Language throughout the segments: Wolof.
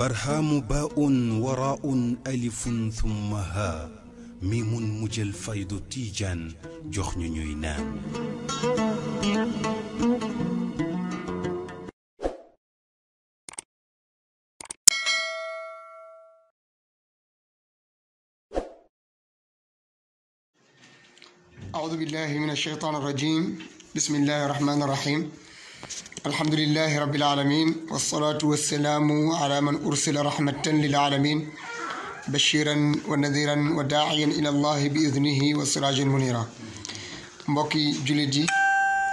برهام باء وراء ألف ثم ها ميم مجل فيض تيجان جخن نينان أعوذ بالله من الشيطان الرجيم بسم الله الرحمن الرحيم alhamdulilahi rabbil alamin wasalaatu wasalaamu ala man ursila rahmatan lil alamin bashiran wa nadiran wa daa'iyan ila allahi bi idnihi wa sirajan munira mbokki jullit yi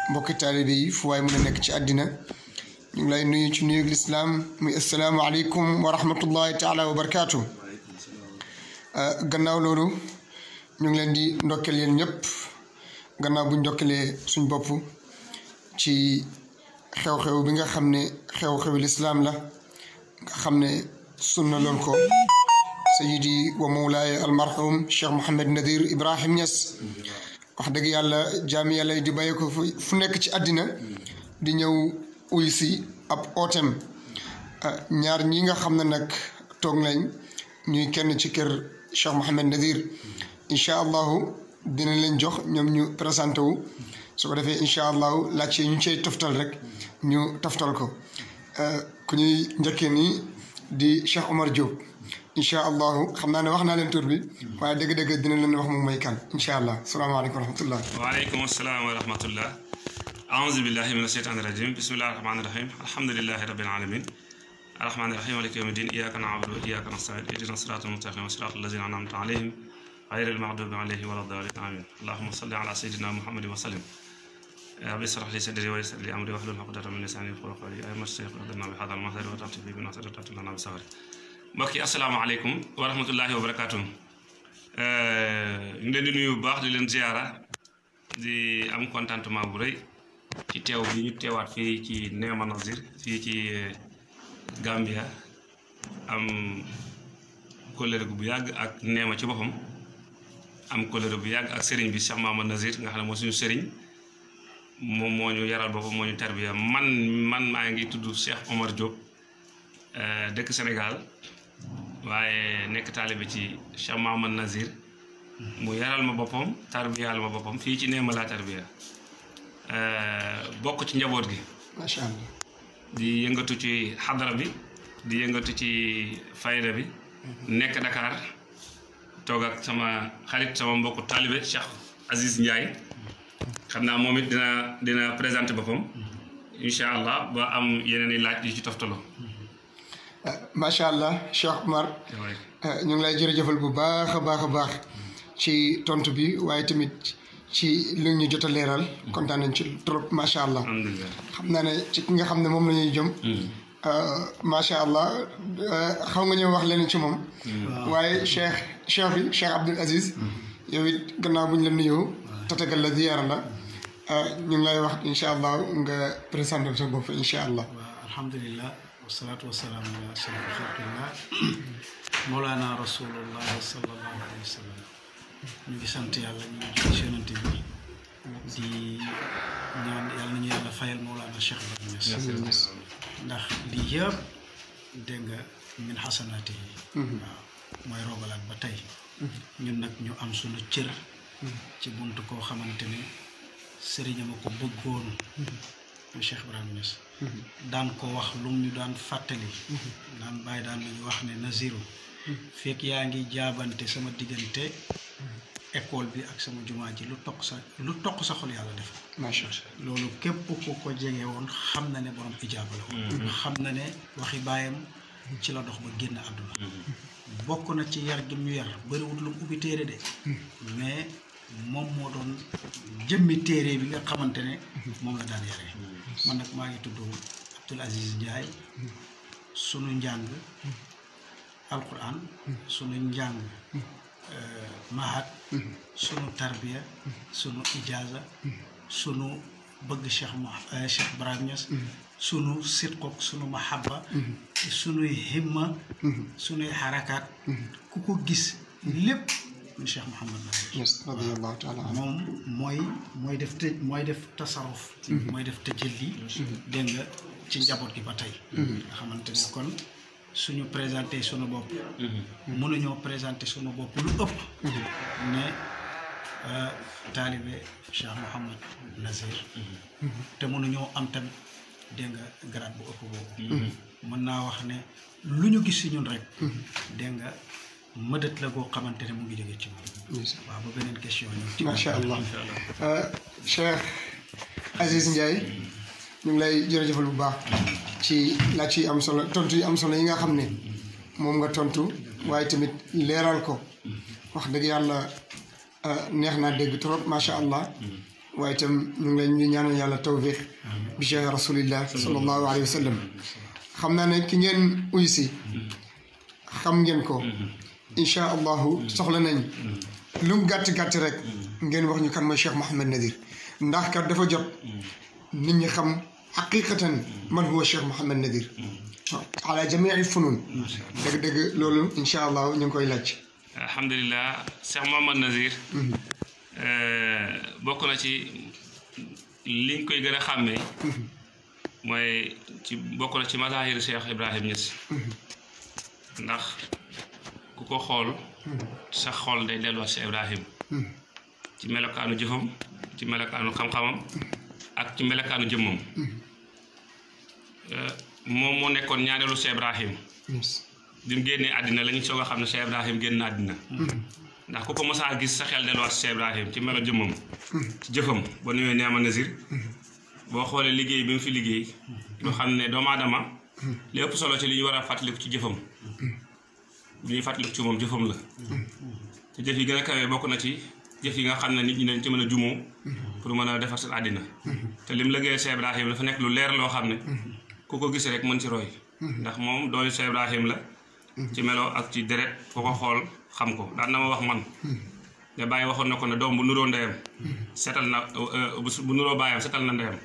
mbokki taalibe yi fu waay mën a nekk ci àddina ñu ngi lay nuyu ci nuyug lislaam muy assalaamu aleykum wa rahmatullahi taala wa barakaatu uh, gannaaw loolu ñu ngi leen di ndokkeel yéen ñëpp gannaaw bu ñu ndokkelee suñ bopp ci xew-xew bi nga xamne xew xew l'islam la nga xamne sunna lon ko sayyidi wa al marhum Cheikh mohammed Nadir Ibrahim Niass wax deug yàlla jaami yàlla di bayeko fu nek ci adina di ñëw uy si ab otem ñaar ñi nga xamne nak tok nañ ñuy kenn ci kër Cheikh mohammed Nadir insha allah dina leen jox ñom ñu présenté wu su ko defé insha allah la ci ñu cey toftal rek ñu taftal ko euh, ku ñuy njëkkee nii di Cheikh Omar Diop incha allahu xam naa ne wax naa leen tur bi waaye dëgg-dëgg dina leen wax moom mooy kan incha allah salaamaaleykum wa rahmatullah waaleykum salaam wa rahmatullah أعوذ بالله من الشيطان الرجيم بسم الله الرحمن الرحيم الحمد لله رب العالمين الرحمن الرحيم مالك يوم الدين إياك نعبد وإياك نستعين اهدنا الصراط المستقيم صراط الذين أنعمت عليهم غير المغضوب عليهم ولا الضالين آمين اللهم صل على سيدنا محمد وسلم rabbi israh li sadri wa yassir li amri wahlul uqdatan min lisani yafqahu qawli ay mas bi hadal mahdari wa tafti fi bi nasr tafti wa rahmatullahi bu baax di leen ziara di bu rëy ci teew bi teewaat fii ci Nema Nazir fii ci euh, Gambia am kóllëre bu yàgg ak Nema ci boppam am kóllëre bu yàgg ak sëriñ bi Cheikh Mamadou Nazir nga xam ne moo suñu sëriñ moom moo ñu yaral boppam moo ñu tarbiya man man maa ngi tudd Cheikh Omar Diop euh, dëkk Sénégal waaye nekk taalibe ci Cheikh Mahamad Nazir mu yaral ma boppam tarbiyaal ma boppam fii ci Néma la tarbiya euh, bokk ci njaboot gi. di yëngatu ci xadara bi di yëngatu ci fayda bi. Mhm. nekk Dakar toog ak sama xarit sama mbokku taalibe Cheikh Aziz Ndiaye. xamna momit dina dina présenter bopam inshallah ba am yeneen i laaj ci toftalo ma sha allah Cheikh Oumar. ñu ngi lay jërëjëfal bu baax a baax baax ci tontu bi waye tamit ci lu ñu jotta léral leeral. nañ ci trop ma sha allah. xamna ne ci ki nga xamne mom lañuy la ñuy jëm. macha allah xaw nga ñëw wax leen ci moom. waaye Cheikh Cheikh bi Cheikh Abdoul Aziz. yow it gannaaw bu ñu la nuyoo. tatagal la ziyaara la. ñu eh, ngi lay wax incha allah nga présenter sa bop incha allah. waaw alhamdulilah ala sayyidina xalqillah rasulullah sallallahu alaihi wasallam ñu ngi sant yalla ñu ci yonenti bi di ñaan yàlla nañu yalla fayal mawlana cheikh Ibrahim Niass ndax nah, lii yeb de nga min xasanaati yi mhm. waaw nah, mooy rogalaat ba tay mhm. ñun nak ñu am suñu cër mhm. ci buntu ko xamantene sëriñam a ko bëggoon mooy mm-hmm. Cheikh Ibrahima Niass mm-hmm. daan ko wax lu ñu daan fàttali daan mm-hmm. bàyyi daan nañu wax ne Naziru fekk yaa ngi jaabante sama diggante école bi ak sama jumaa ji lu toq sa lu toq sa xol yàlla def loolu képp ku ko jege woon xam na ne borom ijaaba xam na ne waxi baayam ci la dox ba génn àdduna bokk na ci yar gi mu yar bëriwut lu ubbi téere de mais moom moo doon jëmmi téere bi nga xamante ne moom la daan yare man nag maa ngi tudd Abdoul Aziz Ndiaye sunu njàng alquran sunu njàng euh, mahat sunu tarbiya sunu ijaza sunu bëgg Cheikh ma euh, Cheikh Ibrahim Niass sunu sitqook sunu mahabba sunuy himma sunuy xarakaat ku ko gis lépp muy Cheikh Mouhamad radiyallahu taala moom mooy mooy def të mooy def tasaruf mhm. mooy def te tëjëli mhm. dégg nga ci njaboot gi ba tey mhm. nga xamante ne kon suñu présenté suñu bopp mënuñoo présenté sunu bopp lu ëpp ne euh, taalibe Cheikh Mouhamad Nazir te mënuñoo am tamit dégg nga grade bu ëpp boobu mën naa wax ne lu ñu gis si ñun rek dégg nga mëdët la goo xamante ne mu ngi jóge ci moom. waaw ba allah euh, Cheikh Aziz Ndiaye ñu ngi lay jërëjëfal bu baax ci laa ci am solo tontu yi am solo yi nga xam ne moom nga tontu waaye tamit leeral ko wax dëgg yàlla euh, neex na dégg trop macha allah. waaye itam ñu ngi leen di yàlla tawfiq bi cheikh rasulillah sallallahu alayhi wa sallam xam naa ne ki ngeen uy xam ngeen ko mm-hmm. incha allahu soxla nañ lu mu gàtt gàtt rek ngeen wax ñu kan mooy Cheikh Mouhamed Nazir ndax kat dafa jot nit ñi xam xaqiqatan man huwa Cheikh Mouhamed Nazir ala jamii funun dëgg-dëgg loolu incha allahu ñu ngi koy laaj. alhamdulilah Cheikh Mouhamed Nazir. bokk na ci liñ koy gën a xàmmee. mooy ci bokk na ci mazahir Cheikh Ibrahim Niass. ndax. ku ko xool sa xool day delluwaat si Ibrahima ci melokaanu jëfam ci melokaanu xam-xamam ak ci melokaanu jëmmam eh, moom moo nekkoon ñaareelu si Ibrahima bi mu génnee àddina la ñu a xam ne si Ibrahima génn àddina ndax ku ko mosaa gis sa xel delluwaat si Ibrahima ci melo jëmmam ci jëfam ba nuyoo Niama Nazir boo xoolee liggéey bi mu fi liggéey yoo xam ne doomu aadama li ëpp solo ci li ñu war a fàttaliku ci jëfam li ñuy fàttaliku ci moom jëfam la te jëf yi gën a kawee bokk na ci jëf yi nga xam ne nit ñi dañ ci mën a jumoo pour mën a defar seen àddina te lim liggéey Cheikh Ibrahim dafa nekk lu leer loo xam ne ku ko gis rek mën ci ndax moom doomi Cheikh Ibrahim la ci melo ak ci deret ku ko xool xam ko daan na ma wax man nga bàyyi waxoon na ko ne doom bu nuroo ndeyam setal na euh, bu nuroo baayam setal na ndeyam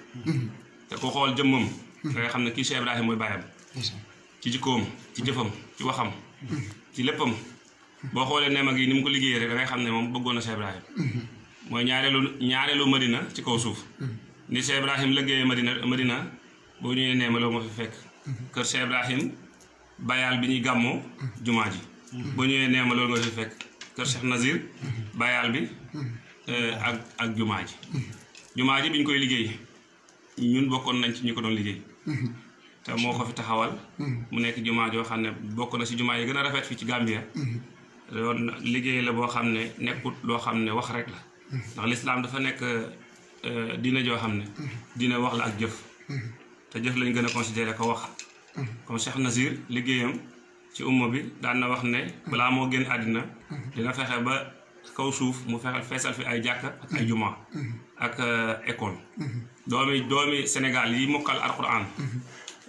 te ku xool jëmmam da nga xam ne kii Cheikh Ibrahim mooy baayam ci jikkoom ci jëfam ci waxam ci léppam boo xoolee neema gi ni mu ko liggéeyee rek da ngay xam ne moom bëggoon na Cheikh Ibrahim mooy ñaareelu ñaareelu Madina ci kaw suuf ni Cheikh Ibrahim liggéeyee Madina Madina boo ñëwee neema loo ma fi fekk kër Cheikh Ibrahim bayaal bi ñuy gàmmoo jumaa ji boo ñëwee neema loolu nga fi fekk kër Cheikh Nazir bayaal bi eh, ak ak jumaa ji jumaa ji bi ñu koy liggéey ñun bokkoon nañ ci ñu ko doon liggéey te moo ko fi taxawal. mu nekk jumaa joo xam ne bokk na si jumaa yi gën a rafet fii ci Gambia. loolu liggéey la boo xam ne nekkut loo xam ne wax rek la. ndax lislaam dafa nekk diina joo xam ne. diina wax la ak jëf. te jëf lañ gën a considéré ko wax. comme Cheikh Nazir liggéeyam ci umma bi daan na wax ne. balaa moo génn àddina. dina fexe ba kaw suuf mu fexe feesal fi ay jàkka ak ay jumaa. ak école. doomi doomi Sénégal yi mokkal Alxuraan.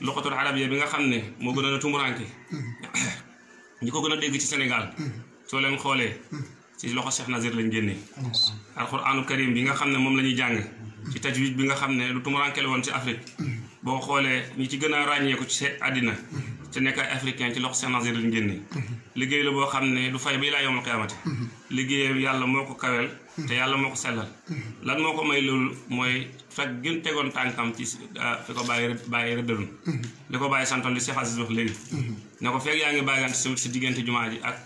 loxatul arabiya bi nga xam ne moo gën a tumuranke ñi ko gën a dégg ci Sénégal soo leen xoolee si loxo Cheikh Nazir lañ génnee alquraanu karim bi nga xam ne moom la ñuy jàng ci tajwid bi nga xam ne lu tumuranke la woon ci Afrique boo xoolee ñi ci gën a ràññeeku ci àddina te nekk ay africain ci loxo Cheikh Nazir lañ génnee liggéey la boo xam ne du fay ba ilaa yawmal qiyaamati liggéeyam yàlla moo ko kaweel te yàlla moo ko sellal lan moo ko may loolu mooy fekk gën tegoon tànkam ci ah, fi ko bàyyi bàyyi rëddalun li ko bàyyi santa li Cheikh Aziz wax léegi ne ko fekk yaa ngi bàyyigaan si si diggante jumaa ji ak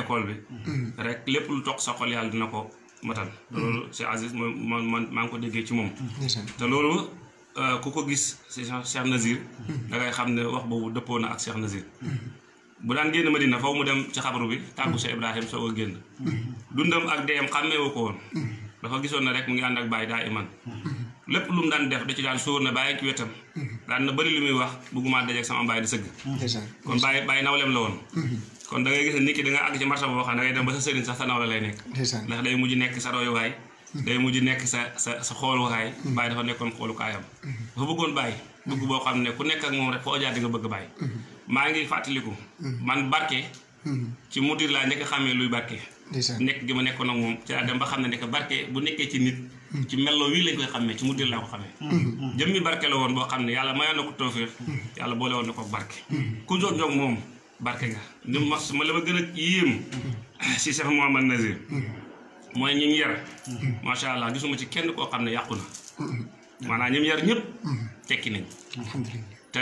école bi rek lépp lu toq sa xol yàlla dina ko matal mm-hmm. loolu Cheikh Aziz mooy man maa ngi ko déggee ci moom mm-hmm. te loolu euh, ku ko gis si Cheikh Nazir mm-hmm. da ngay xam ne wax boobu dëppoo na ak Cheikh Nazir bu daan génn Madina faw mu dem ci xabru bi tàggu sa Ibrahim soog a génn dundam ak deem xàmmeewu ko woon dafa gisoon na rek mu ngi ànd ak bàyyi daa iman lépp lu mu daan def da ci daan sóor na bàyyi ci wetam daan na bëri li muy wax bëgguma dajeeg sama bàyyi di sëgg kon bàyyi bàyyi nawleem la woon kon da ngay gis ne nit ki da nga àgg ci marché boo xam ne da ngay dem ba sa sëriñ sax sa nawle lay nekk ndax day mujj nekk sa royuwaay day mujj nekk sa sa sa xooluwaay mm-hmm. bàyyi dafa nekkoon xoolukaayam dafa bëggoon bàyyi dugg boo xam ne ku nekk ak moom rek foo jaar di bëgg a bàyyi. Mm-hmm. maa ngi fàttaliku. Mm-hmm. man barke. Mm-hmm. ci mudir laa njëkk a xàmmee luy barke. nekk gi ma nekkoon ak moom ci laa dem ba xam ne nekk barke bu nekkee ci nit. ci melloo wii lañ koy xàmmee ci mudir laa ko xàmmee. jëmmi barke la woon boo xam ne yàlla mayoon na ko tawfeex. yàlla boole woon na ko barke. ku jóg jóg moom barke nga. ni ma ma la ma gën a yéem. si Cheikh Mouhamad Nazir. mooy ñi mu yar. macha allah gisuma ci kenn koo xam na. maanaam ñi tekki nañ. alhamdulilah te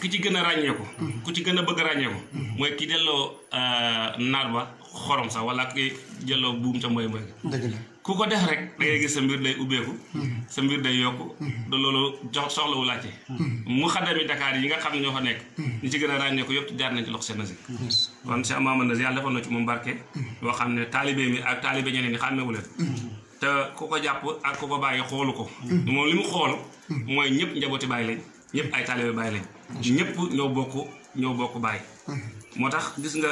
ki ci gën a ràññeeku. Mm-hmm. ku ci gën a bëgg ràññeeku. Mm-hmm. mooy ki delloo euh, naar ba xorom sax wala ki delloo buum sa mooy mooy. dëgg ku ko def rek da gis sa mbir day ubbeeku. Mm-hmm. sa mbir day yokk da loolu jox soxlawu laajte. mu xaddami Dakar yi nga xam ne ñoo fa nekk. ñi ci gën a ràññeeku yëpp jaar nañ ci loxo seen nasi. kon si amaama nasi yàlla defoon na ci moom barke. xam ne taalibe mi ak taalibe ñeneen ñi te ku ko jàpp ak ku ko bàyyi xoolu ko. moom li mu xool. mooy ñëpp njabooti bàyyi lañ. ñëpp ay taalibe bàyyi lañ. ñëpp ñoo bokk ñoo bokk bàyyi. moo tax gis nga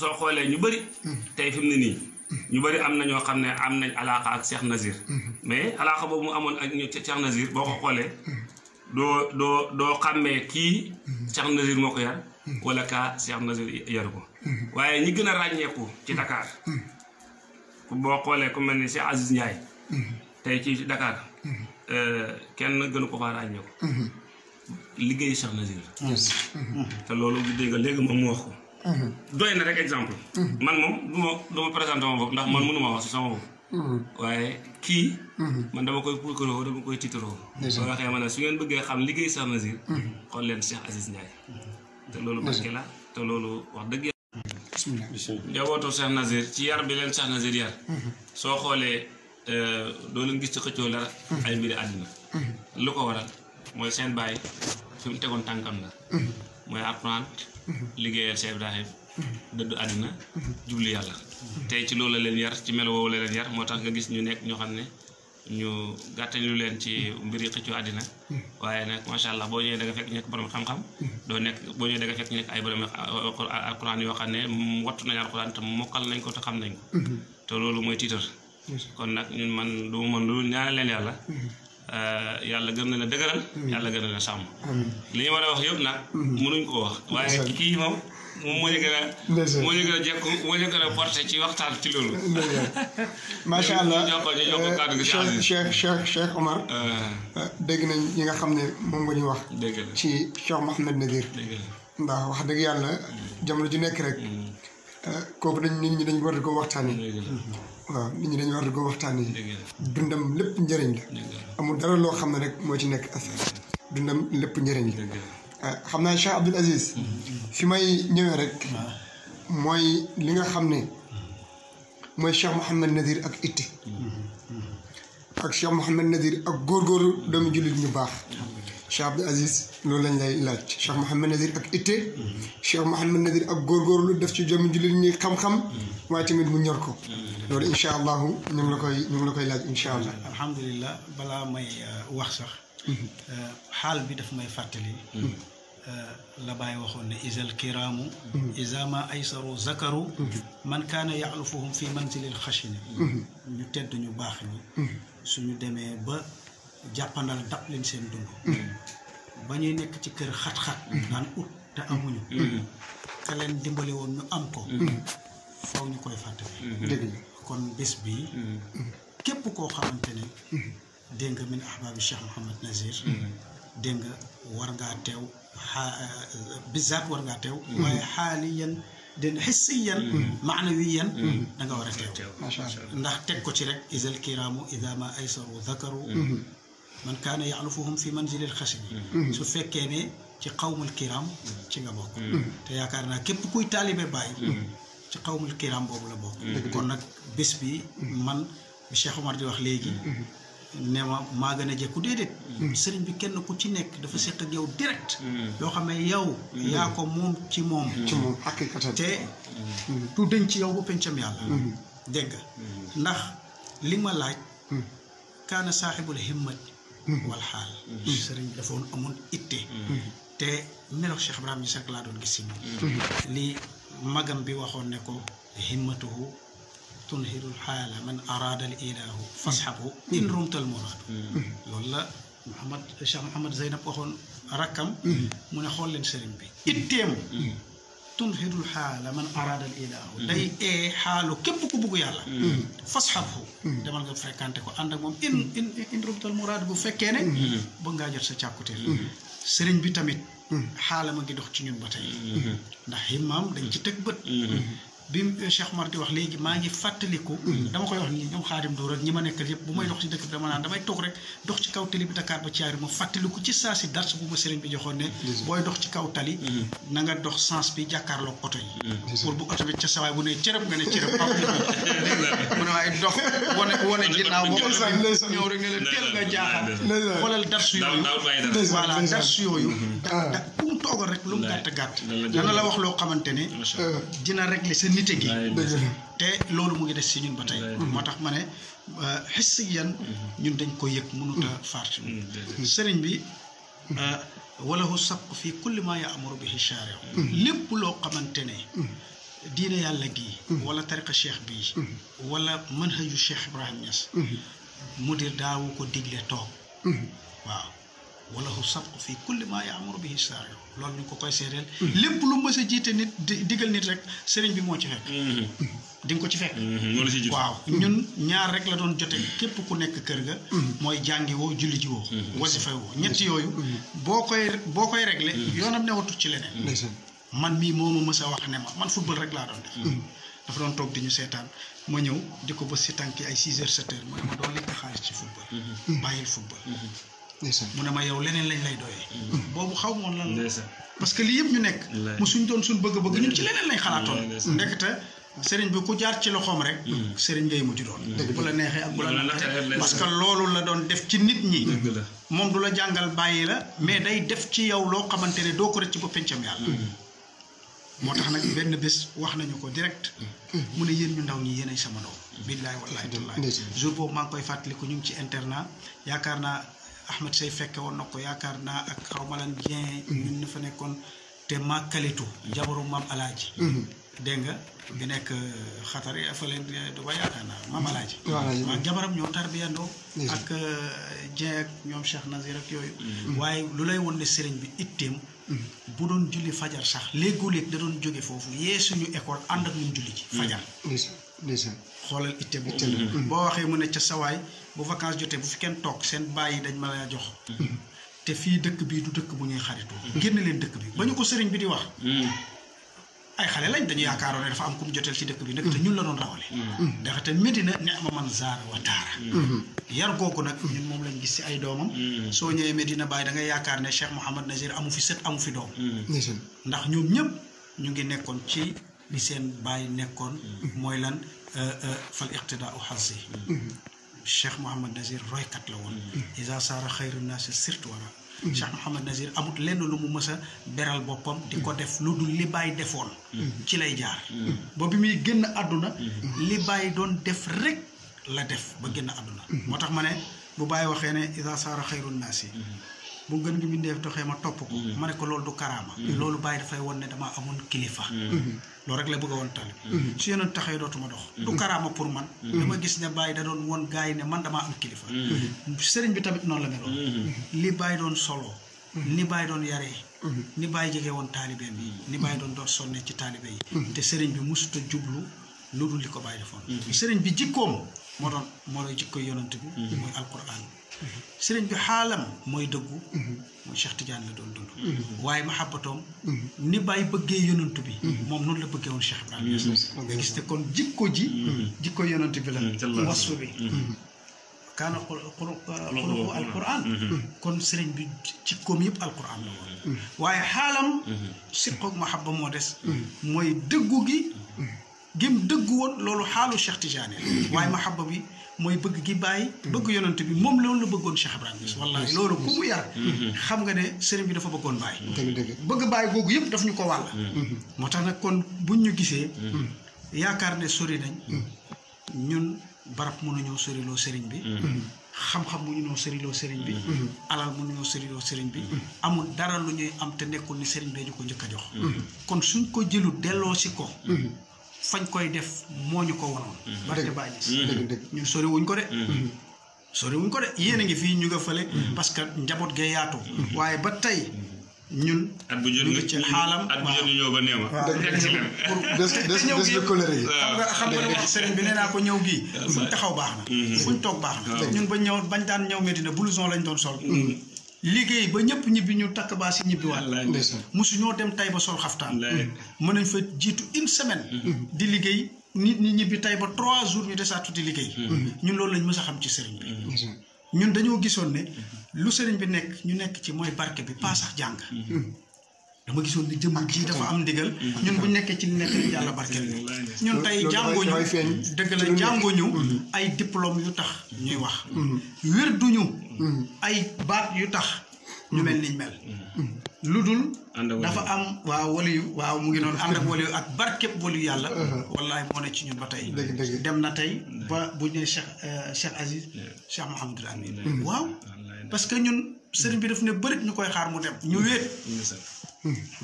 soo xoolee ñu bari tey fi ne nii. ñu bëri am na ñoo xam ne am nañ alaaka ak Cheikh Nazir. mais alaaka boobu mu amoon ak ñu Cheikh boo ko xoolee. doo doo doo xàmmee kii. Cheikh Nazir moo ko yar. wala kaa Cheikh Nazir yaru ko. waaye ñi gën a ràññeeku ci Dakar. boo xoolee ku mel ni si Aziz Ndiaye. Mm-hmm. tey ci Dakar. Mm-hmm. Euh, kenn gënu ko faa ràññeeku. Mm-hmm. liggéey Cheikh Nazir. te loolu dégg nga léegi moom mu wax ko. doy na rek exemple. man moom du ma du ma présenté ma bopp ndax man waaye kii. man dama koy puukaroo dama koy tiitaroo. su ngeen bëggee xam liggéey Cheikh Nazir. xool leen Cheikh Aziz Ndiaye. te loolu barke la te loolu wax dëgg bisimilah njabootu ci yar bi leen Cheikh yar soo xoolee eh, doo leen gis ci xëccoo dara ay mbiri àddina lu ko waral mooy seen bàyyi fi mu tegoon tànkam la mooy alxuraan liggéeyal Cheikh Ibrahim dëddu àddina jublu yàlla tey ci loolu la leen yar ci melo woowu la leen yar moo tax nga gis ñu nekk ñoo xam ne ñu gàttañu leen ci mbiri xëccoo àddina waaye nag macha allah boo ñëwee da nga fekk ñu nekk borom xam-xam doo nekk boo ñëwee da nga fekk ñu nekk ay borom alquran yoo xam ne wattu nañ alquran te mokkal nañ ko te xam nañ ko te loolu mooy tiitar kon nag ñun man du ma mën lu ñaanal leen yàlla euh, yàlla gën na la dëgëral yàlla gën na la sàmm li ñu mën a wax yëpp nag mm-hmm. mënuñ koo wax waaye kii moom moo ñu gën moo ñu gën a ci waxtaan ci loolu. macha allah euh, Cheikh Cheikh Cheikh Cheikh Omar. Euh. Euh, dégg nañ ñi nga xam ne moom nga ñu wax. ci Cheikh Mouhamed Nadir. ndax wax dëgg yàlla jamono ji nekk rek. Mm. kooku dañ nit ñi dañu war di ko waxtaanee. Mm-hmm. waaw nit ñi dañ war di ko waxtaanee. dundam lépp njëriñ la. amul dara loo xam ne rek moo ci nekk asar. dundam lépp njëriñ la. xamna Cheikh abdul Aziz fi may ñëwee rek moy li nga xamné moy Cheikh mohammed Nadir ak itti ak Cheikh mohammed Nadir ak gor gor dem julit ñu bax Cheikh abdul Aziz loolu lañ lay laaj Cheikh mohammed Nadir ak itte Cheikh mohammed Nadir ak gor gor lu def ci doomu julit ñi xam-xam wa tamit mu ñor ko loolu inshallah ñu la koy ñu la koy laaj inshallah alhamdullilah bala may wax sax. xaal bi daf may fàttali. la bàyyi waxoon ne isal kiraamu isa ma aysaru zakaru man kaana yaxlufuhum fi manzilil xashini ñu tedd ñu baax ñi suñu demee ba jàppandal dab leen seen dund ba ñuy nekk ci kër xat-xat daan ut te amuñu te leen dimbali woon ñu am ko faw ñu koy fàttali kon bés bi képp koo xamante ne dégg nga min ahbaabi Cheikh Mouhamad Nazir dégg nga war ngaa teew بالذات war ngaa teew. waaye xaaliyan den xissiyan. maanawiyan. da nga war a teew. macha allah ndax teg ko ci rek. isal kiraamu ida ma aysaru dakaru. man kaana yaxlufuhum fi manzilil xasini. su fekkee ne ci xawmul kiraam. ci nga bokk. te yaakaar naa képp kuy taalibe bàyyi. ci xawmul kiraam boobu la bokk. kon nag bés bi man Cheikh Omar di wax léegi. ne ma maa gën a jekku déedéet hmm. sëriñ bi kenn ku ci nekk dafa seq ak yow hmm. yoo xam ne yow hmm. yaa ko moom ci moom te du denc ci yow ba pencam yàlla dégg ndax li ma laaj kaana saaxibul himmat wal xaal sëriñ bi dafa woon amoon itte te melox Cheikh Ibrahima Niass rek laa doon gis si moom li magam bi waxoon ne ko himmatuhu تنهر الحال من اراد الاله فاصحبه ان رمت المراد لولا محمد شيخ محمد زينب وخون ركم من خول لين سيرن بي اتيم تنهر الحال من اراد الاله داي اي حالو كيب كو بوغو يالا فاصحبه دمال نغا فريكانتي كو اندك موم ان رمت المراد بو فكيني با نغا جات سا تياكوتيل سيرن بي تاميت حالما غي دوخ سي نيون باتاي ndax himam dañ ci bi Cheikh Omar di wax léegi maa ngi fàttaliku. dama koy wax nii ñoom xaadim duural ñi ma nekkal yëpp bu may dox ci dëkk bi dama naan damay toog rek dox ci kaw tali bi Dakar ba Thiaré ma fàttaliku ci saa si dars bu ma sëriñ bi joxoon ne. booy dox ci kaw tali. Mm-hmm. na nga dox sens bi jàkkaarloog oto yi. Mm-hmm. pour bu oto bi ca sawaay bu ne cërëb nga ne cërëb pam mu ne waaye dox wane wane ginnaaw boo ñëw rek ne la teel nga jaaxal. xoolal yooyu voilà dars mm-hmm. ah. toogal rek lu mu gàtt gàtt dana la wax loo xamante ne euh. dina régler sa nite gi te loolu mu ngi des si ñun ba tey moo tax ma ne xis euh, yan mm-hmm. ñun dañ ko yëg mënut a mm-hmm. faar ci ñun mm-hmm. sëriñ bi euh, walahu sàkk fii kulli maa yaamuru bi shaariu lépp loo xamante ne diine yàlla gii wala tariqa cheikh bii mën manhaju cheikh Ibrahim Niass mudir daawu ko digle toog waaw wala hu sabqu fi kulli maa yaamuru bihi saa'iru loolu ñu ngi ko koy seedeel. Hmm. lépp lu mës a jiite nit di digal nit rek sëriñ bi moo ci fekk. Hmm. di nga ko ci fekk. Hmm. waaw ñun ñaar rek la doon jotee képp ku nekk kër ga. mooy jàngi woo julli ji woo. wasifa woo ñett yooyu. boo koy boo koy réglé. yoonam newatul ci leneen. man mii moo ma mës a wax ne ma man football rek laa doon def. dafa doon toog di ñu seetaan ma ñëw di ko bës si tànki ay 6 heures 7 heures ma dama doon lekk xaalis mu ne ma yow leneen lañ lay doyee mm-hmm. boobu xaw moon lan la parce que lii yëpp ñu nekk mu suñ doon suñ bëgg-bëgg ñun ci leneen lañ xalaatoon ndekete sëriñ bi ku jaar ci loxoom rek mm-hmm. sëriñ ngay mujj doon bu la neexee ak bu la neexee parce que loolu la doon def ci nit ñi moom du la jàngal bàyyi la mais day def ci yow loo xamante ne doo ko rëcc ba pencam yàlla mm-hmm. moo tax nag benn bés wax nañu ko direct mu ne yéen ñu ndaw ñi yéenay sama ndaw billaay wallaay tallaay jour boobu koy fàttaliku ñu ngi ci internat Ahmed Sey fekke woon na ko yaakaar naa ak xaw ma lan bien ñun ñu fa nekkoon te ma kalitu jabaru maam alaaji mhm. dégg nga bi nekk euh, xatar yi fa leen Dubaay yaakaar naa maam mhm. alaaji maa jabaram ñoo tarbiyandoo ak euh, Dieng ak ñoom Cheikh Nazir ak yooyu mhm. waaye lu lay won ne sëriñ bi itteem bu doon julli fajar sax léegoo-léeg da doon jóge foofu yee suñu école ànd ak ñun julli ci fajar xoolal itte boo waxee mu ne ca sawaay bu vacances jotee bu fi kenn toog seen bàyyi dañ ma lay jox. te fii dëkk bii du dëkk bu ñuy xaritoo. génn leen dëkk bi ba ñu ko sëriñ bi di wax. ay xale lañ dañu yaakaaroon ne dafa am kum joteel ci dëkk bi nag te ñun la doon rawale. ndax te Medina ne ma man zaara wa yar googu nag ñun moom lañ gis ci ay doomam. soo ñëwee Medina Baye da ngay yaakaar ne Cheikh Mouhamad Nazir amu fi set amu fi doom. ndax ñoom ñëpp ñu ngi nekkoon ci li seen Baye nekkoon. mooy lan euh, euh, fal iqtidaa u xas yi الشيخ محمد نزير روي كاتلون اذا صار خير الناس سرت وراء الشيخ محمد نزير امت لين لو مسا بيرال بوبام ديكو ديف لودو لي باي ديفون تي لاي جار بوبي مي ген ادونا لي باي دون ديف ريك لا ديف با ادونا موتاخ ماني بو باي واخيني اذا صار خير الناس bu gën gi mbindeef doxee ma topp ko mm-hmm. ma ne ko loolu du karaama mm-hmm. loolu bàyyi dafay won ne damaa amoon kilifa mm-hmm. loolu rek la bëgg woon tali su yeneen taxee dox du karaama pour man dama gis ne bàyyi da doon woon gars yi ne man damaa am kilifa sëriñ bi tamit noonu la meloon li bàyyi doon solo ni bàyyi doon yaree ni bàyyi jege woon taalibe bi ni bàyyi doon doon sonne ci taalibe yi te sëriñ bi mosut jublu lu dul li ko bàyyi defoon sëriñ bi jikkoom moo doon moo doon jikko yonent bi mhm. mooy mhm. sëriñ bi xaalam mooy dëggu mhm. mooy Cheikh Tidiane la doon dund waaye mahabbatoom ni bàyyi bëggee yonent bi moom noonu la bëggee woon Cheikh Ibrahima nga gis te kon jikko bi la wasu jikkoom yëpp alquran la woon waaye xaalam siqoog mahabba moo des mooy dëggu gi gém dëgg woon loolu xaalu Cheikh Tidiane la waaye mahabba bi mooy bëgg gi bàyyi bëgg yonant bi moom loolu la bëggoon Cheikh Ibrahima Niass wallaahi loolu ku mu yar mm-hmm. xam nga ne sëriñ bi dafa bëggoon bàyyi bëgg bàyyi googu yëpp daf ko wàll mm-hmm. moo tax nag kon buñ ñu gisee mm-hmm. yaakaar ne sori nañ ñun barab mënuñoo soriloo sëriñ bi xam-xam mu ñu noo sëriloo sëriñ bi alal mu ñu noo sëriloo sëriñ bi amul dara lu ñuy am te nekkul ni sëriñ bee ñu ko njëkk a jox kon suñ ko jëlu delloo si ko fañ koy def moo ñu ko ba mhm. barke bàyyi mhm. ñun sori wuñ ko de mhm. sori wuñ ko de yéen a ngi fii ñu nga fële parce que njaboot gee yaatu waaye ba tey ñun ñu ngi ci xaalam at bu jot ñëw ba néew ma ñëw gi xam nga xam nga li wax sëriñ bi nee naa ko ñëw gii fuñ taxaw baax na fuñ toog baax na ñun ba ñëw bañ daan ñëw Medina blouson lañ doon sol liggéey ba ñëpp ñibbi ñu takk baa si ñibbiwaat. musu ñoo dem tay ba sol xaftaan. mën nañ fa jiitu une semaine. Mm-hmm. di liggéey nit ñi ñibbi tay ba trois jours ñu desaatu di liggéey. Mm-hmm. ñun loolu lañ mës a xam ci sëriñ bi. Mm-hmm. ñun dañoo gisoon ne lu sëriñ bi nekk ñu nekk ci mooy barke bi pas sax jàng. dama gisoon li jëm kii dafa am ndigal. Mm-hmm. ñun bu nekkee ci nekk nañu yàlla barkeel mm-hmm. mm-hmm. ñun tey jàngoo ñu dëgg la jàngoo ñu ay diplôme yu tax ñuy wax. wér duñu ay baat yu tax. ñu mel niñ mel. lu dul. dafa am waaw yu waaw mu ngi noonu ànd ak waliyu ak barkeb waliyu yàlla. Uh-huh. wallaahi moo ne ci ñun ba tey. dem na tey ba bu ñu nee Cheikh euh, Cheikh Aziz Cheikh Mouhamadul waaw parce que ñun sëriñ bi daf ne bëri ñu koy xaar mu dem ñu wéet.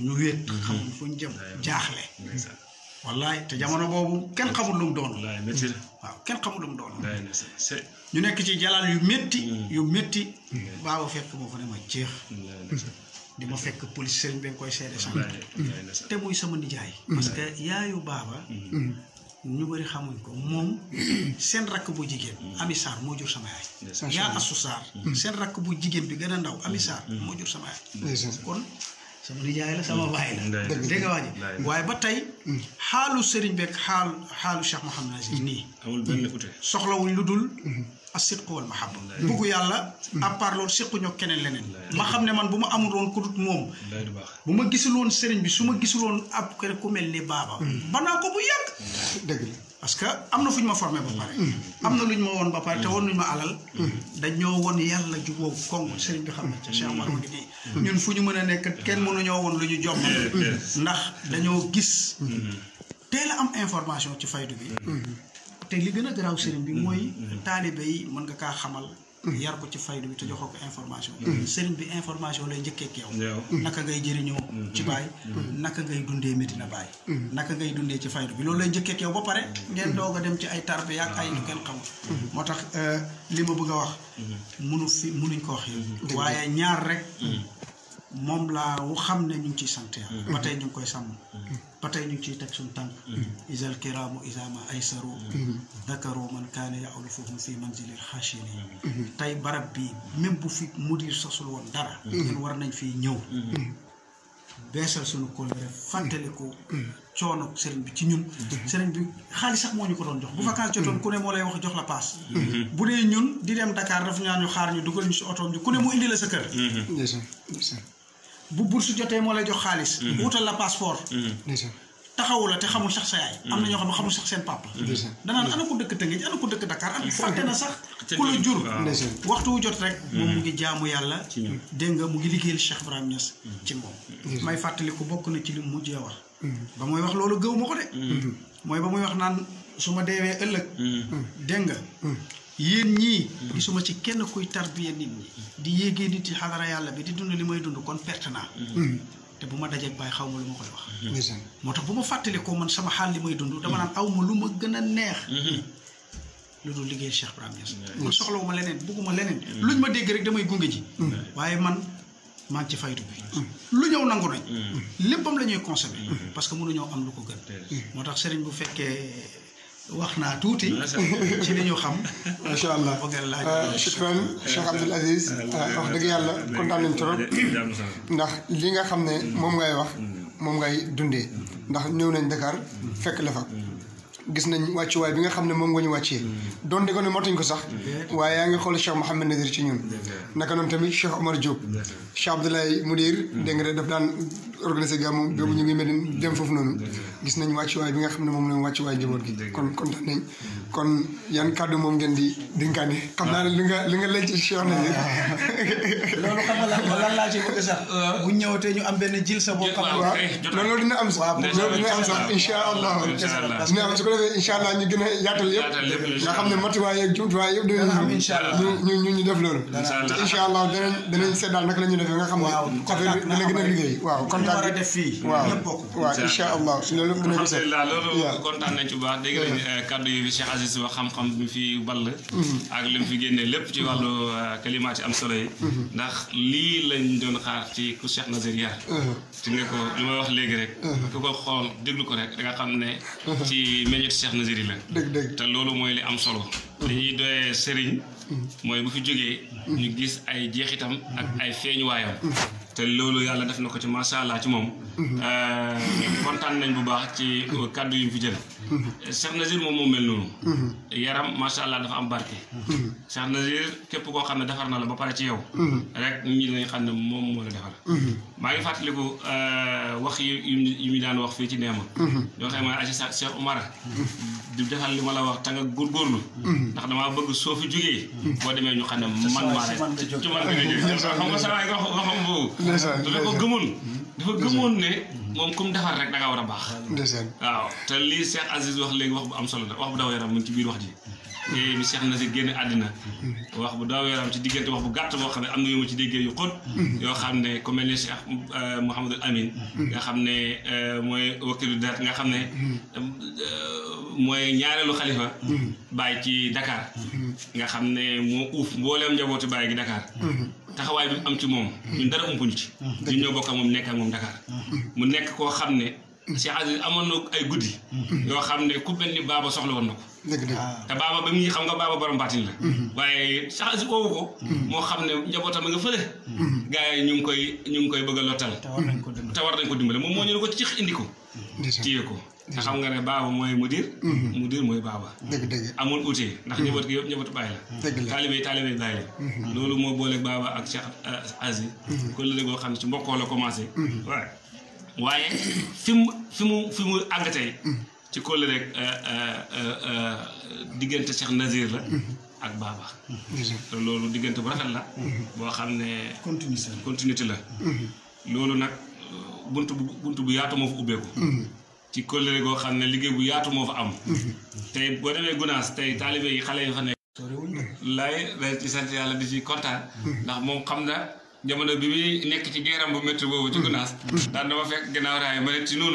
ñu wéet xamul fuñ jëm jaaxle wallaay te jamono boobu kenn xamul lu mu doon waaw kenn xamul ñu nekk ci jalaal yu métti mm. yu métti baaba fekk moo fa ne ma jeex di ma fekk police sëriñ bi nga koy seede sant te muy sama nijaay mm. parce que yaayu baaba mm. ñu xamuñ ko moom seen rakk bu jigéen ami saar moo jur sama yaay yaa asu saar seen rakk bu jigéen bi gën a ndaw ami saar moo jur sama yaay kon sama nijaay la sama baay la. dégg nga waa ji waaye ba tey. xaalu Serigne Beck xaal xaalu Cheikh Mouhamed Aziz mm. nii. amul benn mm. soxlawuñ lu dul. Mm. as sidqu wal mahabba bugg yàlla à part loolu siquñoo keneen leneen ma xam ne man bu ma amul woon ku dut moom bu ma gisul woon sëriñ bi su ma gisul woon ab ku mel ni ba banaa ko bu yàgg parce que am na fu ñu ma formé ba pare. am na lu ñu ma woon ba pare te woon lu ñu ma alal. dañoo woon yàlla juboo wow kong sëriñ bi xam na ca Cheikh Omar ngi nii. ñun fu ñu mën a nekk kenn mënuñoo woon lu ñu jox. ndax dañoo gis. teel a am information ci faydu bi. te li gën a garaaw sëriñ bi mooy. taalibe yi mën nga kaa xamal. yar ko ci faydu bi te joxoo ko information mm-hmm. sëriñ bi information lay njëkkee keew mm-hmm. naka ngay jëriñoo mm-hmm. ci baay naka ngay dundee Medina Baay naka ngay dundee ci faydu bi loolu lay njëkkee keew ba pare ngeen doog a dem ci ay tarbe yaag ay lu kenn xamul moo tax euh, li ma bëgg a wax munu fi munuñ ko wax waaye ñaar rek moom laa wu xam ne ñu ci ciy sant yàlla. Mm-hmm. tey ñu koy sàmm. Mm-hmm. ba tey ñu ngi ciy teg suñu tànk. Mm-hmm. isal kiraamu isaama aysaru. dakaru man kaane yaulufuhum fi manzilil xaachini. tey barab bi même bu fi mudir sosul woon dara. ñun war nañ fii ñëw. beesal suñu kóllëre fàttaliku. coono sëriñ bi ci ñun. sëriñ bi xaalis sax moo ñu ko doon jox. bu vacance jotoon ku ne moo lay wax jox la paas. bu dee ñun di dem Dakar daf ñaa ñu xaar ñu dugal ñu si otoom ñu ku ne mu indi la sa kër. bu bourse jotee moo lay jox xaalis. Mhm. wutal la passeport. Mhm. taxawu la te xamul sax sa yaay. Mhm. am na ñoo xam ne xamul sax seen papa. danaan ana ko dëkk Tëngéej ana ko dëkk Dakar ak fàtte na sax ku la jur. waxtu wu jot rek. moom mu ngi jaamu yàlla. dégg nga mu ngi liggéey Cheikh Ibrahima Niass. ci moom. may fàttali ko bokk na ci li mu mujjee wax. ba mooy wax loolu gëw ma ko de. mooy ba muy wax naan su ma deewee ëllëg. dégg nga. yenni ñii gisuma ci kenn kuy tarbiya nit ñi di yéegee nit ci xadara yàlla bi di dund li may dund kon perte naa hmm. te bu ma dajeeg bàyyi xaw ma lu ma koy wax hmm. moo tax bu ma fàttalikoo man sama xaal li may dund dama naan aw ma lu ma gën a neex hmm. lu dul liggéeyal cheikh ibrahim yes man soxlawu ma leneen bugguma leneen luñ ma dégg rek damay gunge ji waaye man man ci faytu bi lu ñëw nangu nañ léppam la ñuy parce que mënuñoo am lu ko gën moo tax sëriñ bu fekkee wax naa tuuti. ci li ñu xam. macha allah euh, shukran Cheikh Abdoul euh, euh, wax dëgg yàlla kontaan nañu trop. ndax li nga xam ne moom ngay wax. moom ngay dundee. ndax ñëw nañ Dakar fekk la fa. gis nañ wàccuwaay bi nga xam ne moom nga ñu wàccee ko déggoon ne motuñ ko sax waaye yaa ngi xool Cheikh Mouhamed Nadir ci ñun naka noonu tamit Cheikh Omar Diop Cheikh Abdoulaye Moudir dégg nga daf daan ñu ngi mel ni dem foofu noonu gis nañ wàccuwaay bi nga xam ne moom la ñu wàccuwaay njaboot gi kon kontaan nañ kon yan kàddu moom ngeen di dénkaane xam naa ne li nga li nga leen ci Cheikh Nadir loolu xam nga lan laa ci bëgg sax bu ñëwatee ñu am benn jil sa bopp xam nga loolu dina am sax loolu dina am allah ñëwee incha allah ñu gën a yaatal yëpp nga xam ne matuwaay yeeg jumtuwaay yëpp dinañ ñu ñu ñu def loolu incha allah danañ danañ seddaal naka la ñu defee nga xam ne affaire bi dina gën a liggéey waaw bi def fii waaw waaw incha allah loolu mën na alhamdulilah loolu ci baax dégg nañ eh, kaddu yi Cheikh Aziz wax xam-xam bi fi ball mm-hmm. ak li mu fi génnee lépp ci wàllu kalimaat eh, yi am solo yi mm-hmm. ndax lii lañ doon xaar ci ku Cheikh Nazir Yar mm-hmm. ko li ma wax léegi rek ku ko xool déglu ko rek da xam ne ci meññeet Cheikh Nazir la. te loolu mooy li am solo. li ñuy doy sëriñ. Mm. mooy bu fi jógee. Mm. ñu gis ay jeexitam ak mm. ay feeñuwaayam. te loolu yàlla def na ko ci macha allah ci moom. Eh, kontaan nañ bu baax ci kàddu yi mu fi jël. Eh, Cheikh Nazir moom moo mel noonu. yaram macha allah dafa am barke. Cheikh Nazir képp koo xam ne defar na la ba pare ci yow. rek ñi dañuy xam ne moom moo la defar. maa ngi fàttaliku eh, wax yi yu ñu daan wax fii ci Neema. yoo ma la wax a nga góorgóorlu. ndax damaa bëgg soo fi jógee. boo demee ñu xam ne man maa leen ci man nga jógee xam nga saa waay waxam boobu. ndeysaan dafa ko gëmoon dafa gëmoon ne moom comme defar rek danga war a baax ndeysaan waaw te lii Cheikh Aziz wax léegi wax bu am solo la wax bu daw yaram mu ci biir wax ji te mi Cheikh na si génn àddina wax bu daw yaram ci diggante wax bu gàtt boo xam ne am na yu ma ci déggee yu xóot yoo xam ne ku mel ne Cheikh euh, Mouhamadul Amin nga xam ne euh, mooy wakkilu daat nga xam ne euh, mooy ñaareelu xalifa bàyyi ci Dakar nga xam ne moo uuf mbooleem njabootu bàyyi gi Dakar taxawaay bi am ci moom ñun dara umpuñu ci ñun ñoo bokk ak moom nekk ak moom Dakar mu nekk koo xam ne Cheikh Aziz amoon na ay guddi yoo xam ne ku mel ni baaba soxla woon na ko te baaba ba muy xam nga baaba borom baatin la mhm. waaye Cheikh Aziz woowu ko moo xam ne njabootam nga fële mhm. gars yi ñu ngi koy ñu ngi koy bëgg a lottal te war nañ ko dimbale moom moo ñëw ko ci indi ko téye ko te xam nga ne baaba mooy mudir mhm. mudir mooy baaba dëgg dëgg amul uti ndax ñëbat mhm. yëpp ñëbatu bàyyi la taalibe taalibe bàyyi la mhm. loolu moo boole baaba ak Cheikh euh, Aziz kon xam ne ci mbokkoo la commencé waaye waaye fi mu fi mu fi rek euh, euh, diggante Cheikh Nazir la ak baaba loolu diggante bu rafet la boo xam ne continuité continuité la loolu nag bunt bu bunt bu yaatu moo fa ubbeeku ci kóllëre goo xam ne liggéey bu yaatu moo fa am. tey boo demee Gunaas tey taalibe yi xale yi fa nekk. lay lay ci sant yàlla di ci kontaan. Hmm. ndax moom xam na jamono bi muy nekk ci geeram bu métti boobu ci hmm. Gunaas. Hmm. daan dama fekk ginnaaw raay ma ne ci ñu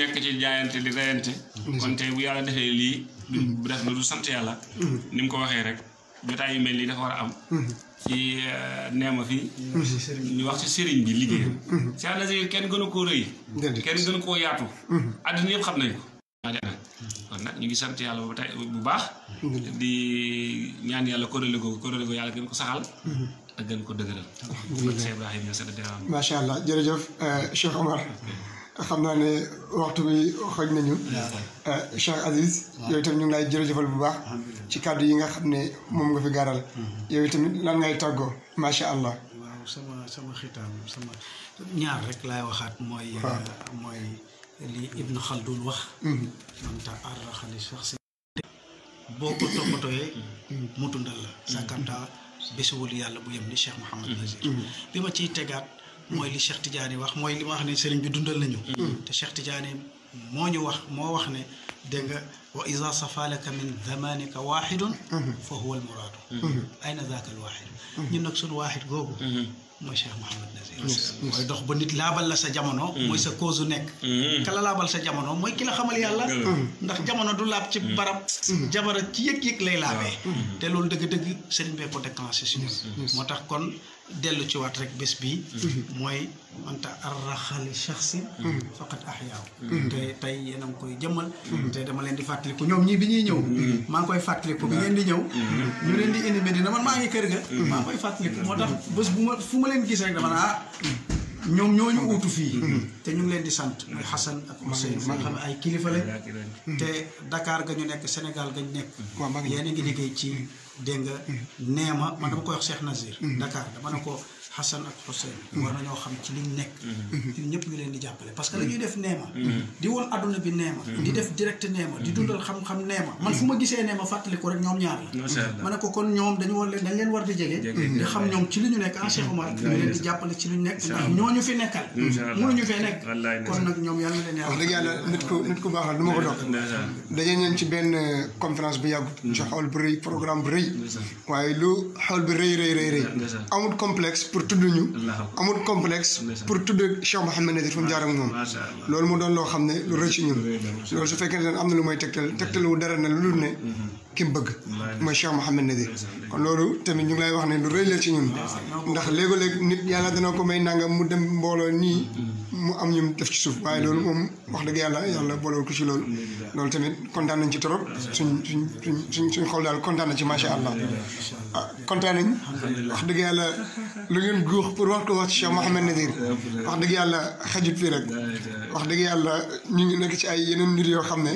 nekk ci jaayante di rayante. kon tey bu yàlla defee lii. du def lu du sant yàlla. ni mu ko waxee rek. jotaay yu mel nii dafa war a am. Mhm. ci euh, neema fi. Mhm. ñu wax ci sëriñ bi liggéeyam. Mhm. Cheikh Nazir kenn gënu koo rëy. kenn gënu koo yaatu. àdduna yëpp xam nañ ko. kon nag ñu ngi sant yàlla bu tey bu baax. di ñaan yàlla kuréel ko kuréel googu yàlla gën ko saxal. a gën ko dëgëral. macha allah jërëjëf euh, Cheikh Omar. xam naa ne waxtu bi xooj nañu. Euh, Cheikh Aziz. waaw yooyu tamit ñu ngi lay jërëjëfal bu baax. ci kàddu yi nga xam ne moom nga fi gaaral. Mhm. yow tamit lan ngay tàggoo macha allah. waaw sama sama xitaam sama ñaar rek lay waxaat mooy. Euh, mooy li Ibn Khaldun wax. Mhm. man ta arraxali sax si. boo ko toppatooyee. mu tundal la. Mhm. sa kanta bésuwul yàlla bu yem ni Cheikh Mouhamed Nazir. bi ma ciy tegaat. moy li Cheikh Tidiane wax moy li ma wax ne serigne bi dundal nañu te Cheikh Tidiane moo ñu wax mo wax ne de nga wa iza safalaka min zamanika wahid fa huwa al murad ayna zaaka al wahid ñun nak sun wahid gogo moy Cheikh mohammed Nazir moy dox ba nit laabal la sa jamono moy sa cause nek kala laabal sa jamono moy ki la xamal yàlla ndax jamono du lab ci barab jamono ci yek yek lay laabee te lolou deug deug serigne bee ko déclencher ci motax kon dellu ci waat rek bés bii mhm. mooy manta arraxali shaxsin mhm. faqat ahyaaw mhm. te tey yéen a ngi koy jëmmal te dama leen di fàttaliku ñoom ñii bi ñuy ñëw maa ngi koy fàttaliku bi ngeen di ñëw ñu leen di indi Medina man maa ngi kër ga maa ngi koy fàttaliku moo tax bés bu ma fu ma leen gis rek dama naa ah, ñoom ñoo ñu uutu fii. te ñu ngi leen di sant muy Xasan ak Ousseyn ma xam ay kilifa te dakaar ga ñu nekk Sénégal ga ñu nekk yéen a ngi liggéey ci dégg nga. Mm-hmm. neema man dama koy wax Cheikh Nazir. Mm-hmm. Dakar dama ne ko. Hassan ak Hussein mm-hmm. war nañoo xam ci liñ nekk mm-hmm. ñun ñëpp ñu leen di jàppale parce que la mm-hmm. def neema di woon adduna bi neema di def direct neema di dundal xam-xam neema man fu ma gisee neema fàttali ko rek ñoom ñaar la ma ne ko kon ñoom dañu woon leen dañ leen war di jege di xam ñoom ci li ñu nekk ah Cheikh Omar ñu leen di jàppale ci liñ nekk ñooñu fi nekkal mënuñu fee nekk kon nag ñoom yàlla leen yàlla wax dëgg yàlla nit ku nit ku baax la euh, bu yàggut ci xool bu rëy programme bu rëy bi rëy rëy rëy rëy amul pour tudd ñu amul complexe pour tudd Cheikh Mouhamed Nazir fu mu jaar ak moom loolu moo doon loo xam ne lu rëcc ñun loolu su fekkee ne am na lu may tegtal tegtal wu dara na lu dul ne mm-hmm. ki mu bëgg mooy Cheikh Mouhamed Nazir kon loolu tamit ñu ngi lay wax ne lu rëy la ci ñun ndax léego-léeg nit yàlla dana ko may nangam mu dem mbooloo nii mu am ñum def ci suuf waaye loolu moom wax dëgg yàlla yàlla boolewul ko ci loolu loolu tamit kontaan nañ ci trop suñ suñ suñ suñ suñ xol daal kontaan na ci macha allah ah kontaan nañ wax dëgg yàlla lu ngeen guux pour wax ko wax ci Cheikh Mouhamed Nazir wax dëgg yàlla xajut fii rek wax dëgg yàlla ñu ngi nekk ay yeneen nit yoo xam ne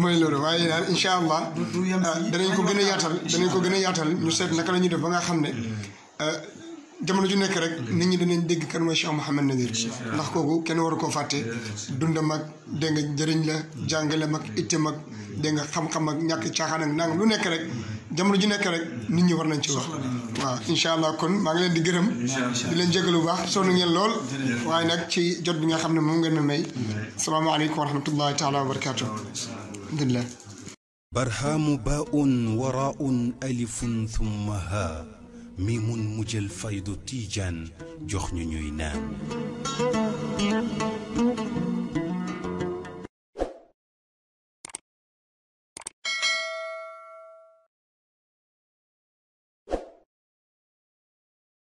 mooy Ah, danañ ko gën a yaatal danañ ko gën a yaatal ñu seet naka la ñuy def ba nga xam ne hmm. euh, jamono ju nekk rek nit ñi danañ dégg kan mooy Cheikh Mouhamed Nazir ndax kooku kenn waru koo fàtte hmm. dunda mag dégg nga jëriñ la hmm. jàngale mag itte mag dégg nga xam-xam ak ñàkk caaxaan ak nangam lu nekk rek jamono ju nekk rek nit ñu war nañ ci wax waaw incha allah kon maa ngi leen di gërëm di leen jégalu bu baax sonn ngeen lool waaye nag ci jot bi nga xam ne moom ngeen ma may asalaamaaleykum wa rahmatullahi taala wa barakaatu la barhaamu baaun waraaun alifun thumma haa miimun mu jël faydu tiijaan jox ñu ñuy naan